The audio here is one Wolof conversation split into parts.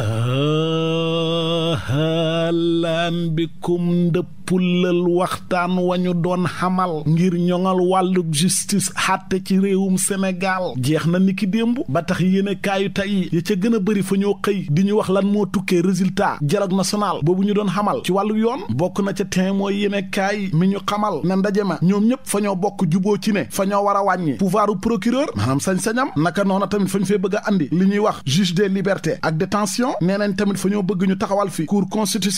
Oh. ahlan bikum ndëppulal waxtaan wañu doon xamal ngir ñoŋal wàlluk justice xàtte ci réewum Sénégal jeex na niki démb ba tax yéene kaayu tey ya ca gën a bëri fa ñoo xëy di ñu wax lan moo tukkee résultat dialogue national boobu ñu doon xamal ci wàllu yoon bokk na ca tey mooy yéene kaay mi ñu xamal na ndaje ma ñoom ñëpp fa ñoo bokk juboo ci ne fa ñoo war a wàññi pouvoiru procureur maanaam sañ-sañam naka noona tamit fa ñu fee bëgg a andi li ñuy wax juge des libertés ak détention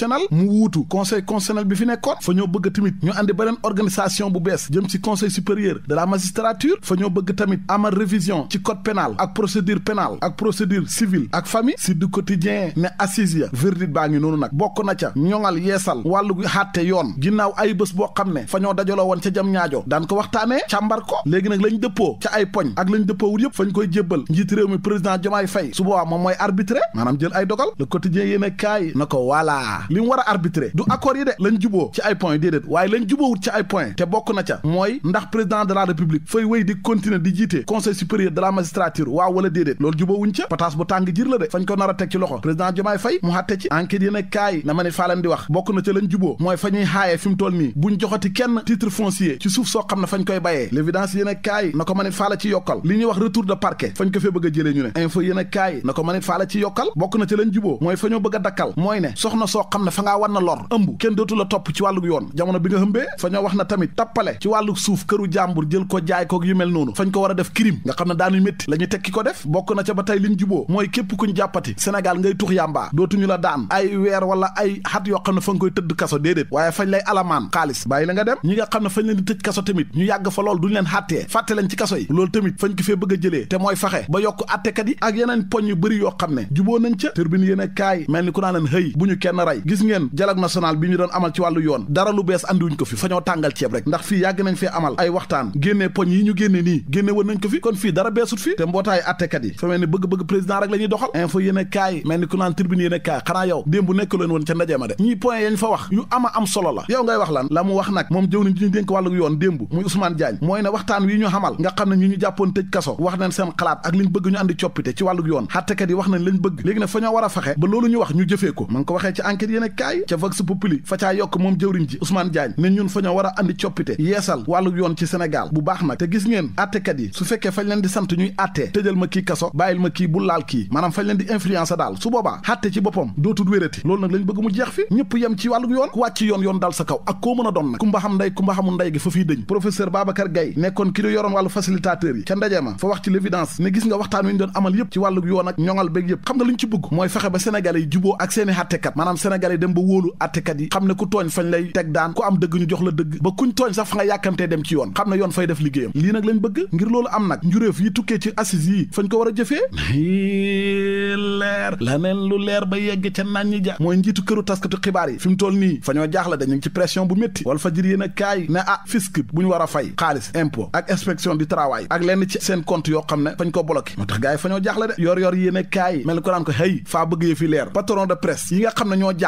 constitutionnel mu wuutu conseil constitutionnel bi fi nekkoon fa ñoo bëgg tamit ñu andi beneen organisation bu bees jëm ci conseil supérieur de la magistrature fa ñoo bëgg tamit amal révision ci code pénal ak procédure pénale ak procédure civile ak famille si du quotidien ne assise ya verdict baa ngi noonu nag bokk na ca ñoŋal yeesal wàllu xàtte yoon ginnaaw ay bés boo xam ne fa ñoo dajaloo woon ca jam ñaajo daan ko waxtaanee càmbar ko léegi nag lañ dëppoo ca ay poñ ak lañ dëppoo yëpp fañ koy jébbal njiit réew mi président Diomaye Faye su boobaa moom mooy arbitré maanaam jël ay dogal le quotidien yéen a na ko voilà li mu war a arbitré du accord yi de lañ juboo ci ay point déedéet waaye lañ juboowut ci ay point te bokk na ca mooy ndax président de la république fay wéy di continuer di jiite conseil supérieur de la magistrature waaw wala déedéet loolu juboowuñ ca pataas bu tàng jir la de fañ ko nar a teg ci loxo président Diomaye Faye mu xatte ci enquête yi kaay na ma ne faalan di wax bokk na ca lañ juboo mooy fa ñuy xaayee fi mu toll nii buñ joxati kenn titre foncier ci suuf soo xam ne fañ koy bayee l'évidence na ko ma ne faala ci li ñuy wax retour de parquet fañ ko fee bëgg a a kaay bokk na ca lañ juboo mooy fa ñoo bëgg a dakkal xam ne fa ngaa war kenn dootu topp ci wàllu yoon jamono bi nga xëmbee fa ñoo wax na ci wàllu suuf këru jàmbur jël ko jaay ko mel noonu fañ ko war a def crime nga xam ne daanuy métti la ñu tekki ko def bokk na ca ba tey liñ juboo mooy képp kuñ jàppati Sénégal ngay tux yàmbaa dootuñu la daan ay weer wala ay xat yoo xam ne fa nga koy tëdd kaso déedéet waaye fañ lay alamaan xaalis bàyyi la nga dem ñi nga xam ne fañ leen di tëj kaso tamit ñu yàgg fa lool duñ leen xàttee fàtte leen ci kaso yi loolu tamit fañ ko fee bëgg a jëlee te mooy faxe ba yokk attekat yi ak yeneen poñ yu bëri yoo xam ne juboo nañ ca turbine yéen e kaay mel ni ku naa leen hëy bu ñu kenn rey gis ngeen dialogue bi ñu doon amal ci wàllu yoon dara lu bees andiwuñ ko fi fa tàngal ceeb rek ndax fii yàgg nañ fee amal ay waxtaan génnee poñ yi ñu génne nii génne woon nañ ko fi kon fii dara beesut fi te mbootaayu attekat yi fa mel ni bëgg-bëgg président rek la doxal info yéen a kaay mel ni ku naan tribune yéen kaay xanaa yow démb nekk leen woon ca ndaje ma de ñii point yañ fa wax yu ama am solo la yow ngay wax lan la mu wax nag enquête yéen a kaay ca vox populi fa yokk moom jëwriñ ji Ousmane Diagne ne ñun fa ñoo war coppite yeesal wàllu yoon ci Sénégal bu baax nag te gis ngeen attekat yi su fekkee fañ leen di sant ñuy attee tëjal ma kii kaso bàyyil ma kii bu laal kii maanaam fañ leen di influence daal su boobaa xatte ci boppam dootul wérati loolu nag lañ bëgg mu jeex fi ñëpp yem ci wàllu yoon ku yoon yoon dal sa kaw ak koo mën a doon nag kumba xam nday kumba xamul sénégalais dem ba wóolu attekat yi xam ne ku tooñ fañ lay teg daan ku am dëgg ñu jox la dëgg ba kuñ tooñ sax fa nga yàkkamtee dem ci yoon xam ne yoon fay def liggéeyam lii nag lañ bëgg ngir loolu am nag njuréef yi tukkee ci assises yi fañ ko war a jëfee leer laneen lu leer ba yegg ca naan ja mooy njiitu këru taskatu xibaar yi fi mu nii fa jaaxle dañu ngi ci pression bu métti wal fajir yéen a kaay ne ah fisc bu war a fay xaalis impôt ak inspection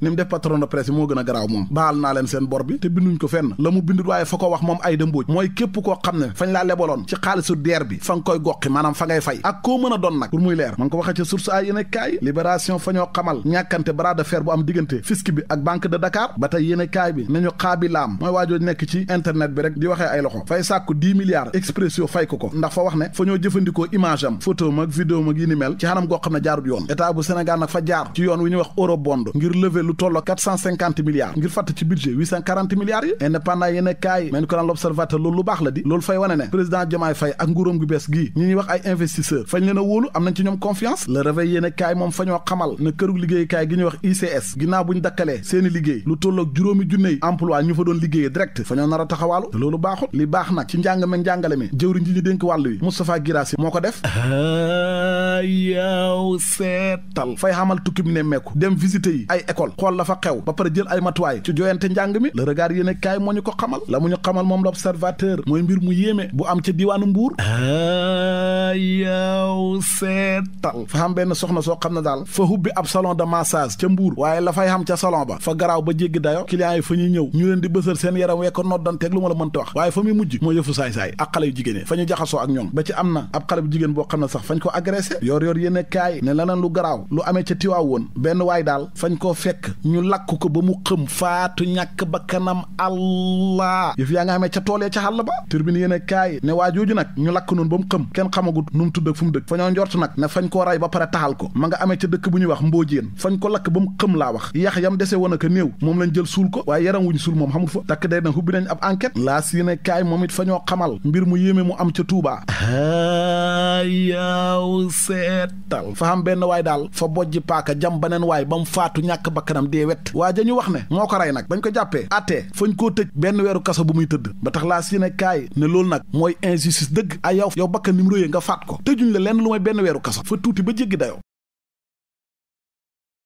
moom def patron de yi moo gën a garaaw moom baal naa leen seen bor bi te binduñ ko fenn la mu bindut waaye fa ko wax moom Aïda Mbodj mooy képp koo xam ne fañ laa lebaloon ci xaalisu deer bi fa koy goqi maanaam fa ngay fay ak koo mën a doon nag pour muy leer ma ko waxee ci source ay yéene kaay fa ñoo xamal ñàkkante bras de bu am diggante fisc bi ak banque de Dakar ba tey yéene bi nañu xaabi mooy waajoo nekk ci internet bi trouvé lu tolloo 450 milliards ngir fàtt ci budget 840 milliards yi indépendant yéen a kaay loolu baax la di loolu fay wane ne président Diomaye Faye ak nguuram gu bees gii ñi wax ay investisseur fañ leen a wóolu am nañ ci ñoom confiance le réveil yéen a kaay moom fa xamal ne kërug liggéeykaay gi ñuy wax ICS ginnaaw buñ dakkalee seeni liggéey lu tolloog juróomi junney emploi ñu fa doon liggéeye direct fa ñoo nar a taxawaalu te loolu baaxut li baax nag ci njàng meeg njàngale mi jëwriñ ji ñu dénk wàllu yi Moustapha Guirassy moo ko def ah, yow seetal fay xamal tukkib nemmeeku dem visiter yi ay école xool xool la fa xew ba pare jël ay matuwaay ci joyante njàng mi la regard yéen kaay moo ñu ko xamal la mu ñu xamal moom l'observateur mooy mbir mu yéeme bu am ca diiwaanu mbuur a yow seetal fa xam benn soxna soo xam ne daal fa hubbi ab salon de massage ca mbuur waaye la fay ca salon ba fa garaaw ba jéggi dayo clients yi fa ñuy ñëw ñu leen di bësal seen yaram wekko noddanteeg lu ma la mënta wax waaye fa muy mujj moo yëfu saay-saay ak xale yu jigéen ñu jaxasoo ak ñoom ba ci am na ab xale bu jigéen ko agressé yor yor yéen kaay ne leneen lu garaaw lu amee ca tiwaaw woon benn waay daal fañ koo fekk ñu lakk ko ba mu xëm faatu ñàkk bakkanam allah yëf yaa nga amee ca tool ya ca xàll ba turbine yéen e kaay ne waa jooju nag ñu lakk noonu ba mu xëm kenn xamagut nu mu tudd fu mu dëkk fa ñoo njort nag ne fañ koo ray ba pare taxal ko ma nga amee ca dëkk bu ñuy wax mbóojéen fañ ko lakk ba mu xëm laa wax yax yam dese woon ak néew moom lañ jël suul ko waaye yaram wuñ suul moom xamul fa takk day na hubbi nañ ab enquête laas yéen e kaay moom it fa ñoo xamal mbir mu yéeme mu am ca Tuubaa yaaw benn waay daal fa bojj paaka jam waay ba mu faatu ñàkk bakk bakkanam dee wet waa ja ñu wax ne moo ko rey nag bañ ko jàppee attee fañ koo tëj benn weeru kaso bu muy tëdd ba tax laa si ne kaay ne loolu nag mooy injustice dëgg a yow yow bakkan ni mu réyee nga faat ko tëjuñ la lenn lu may benn weeru kaso fa tuuti ba jéggi dayoo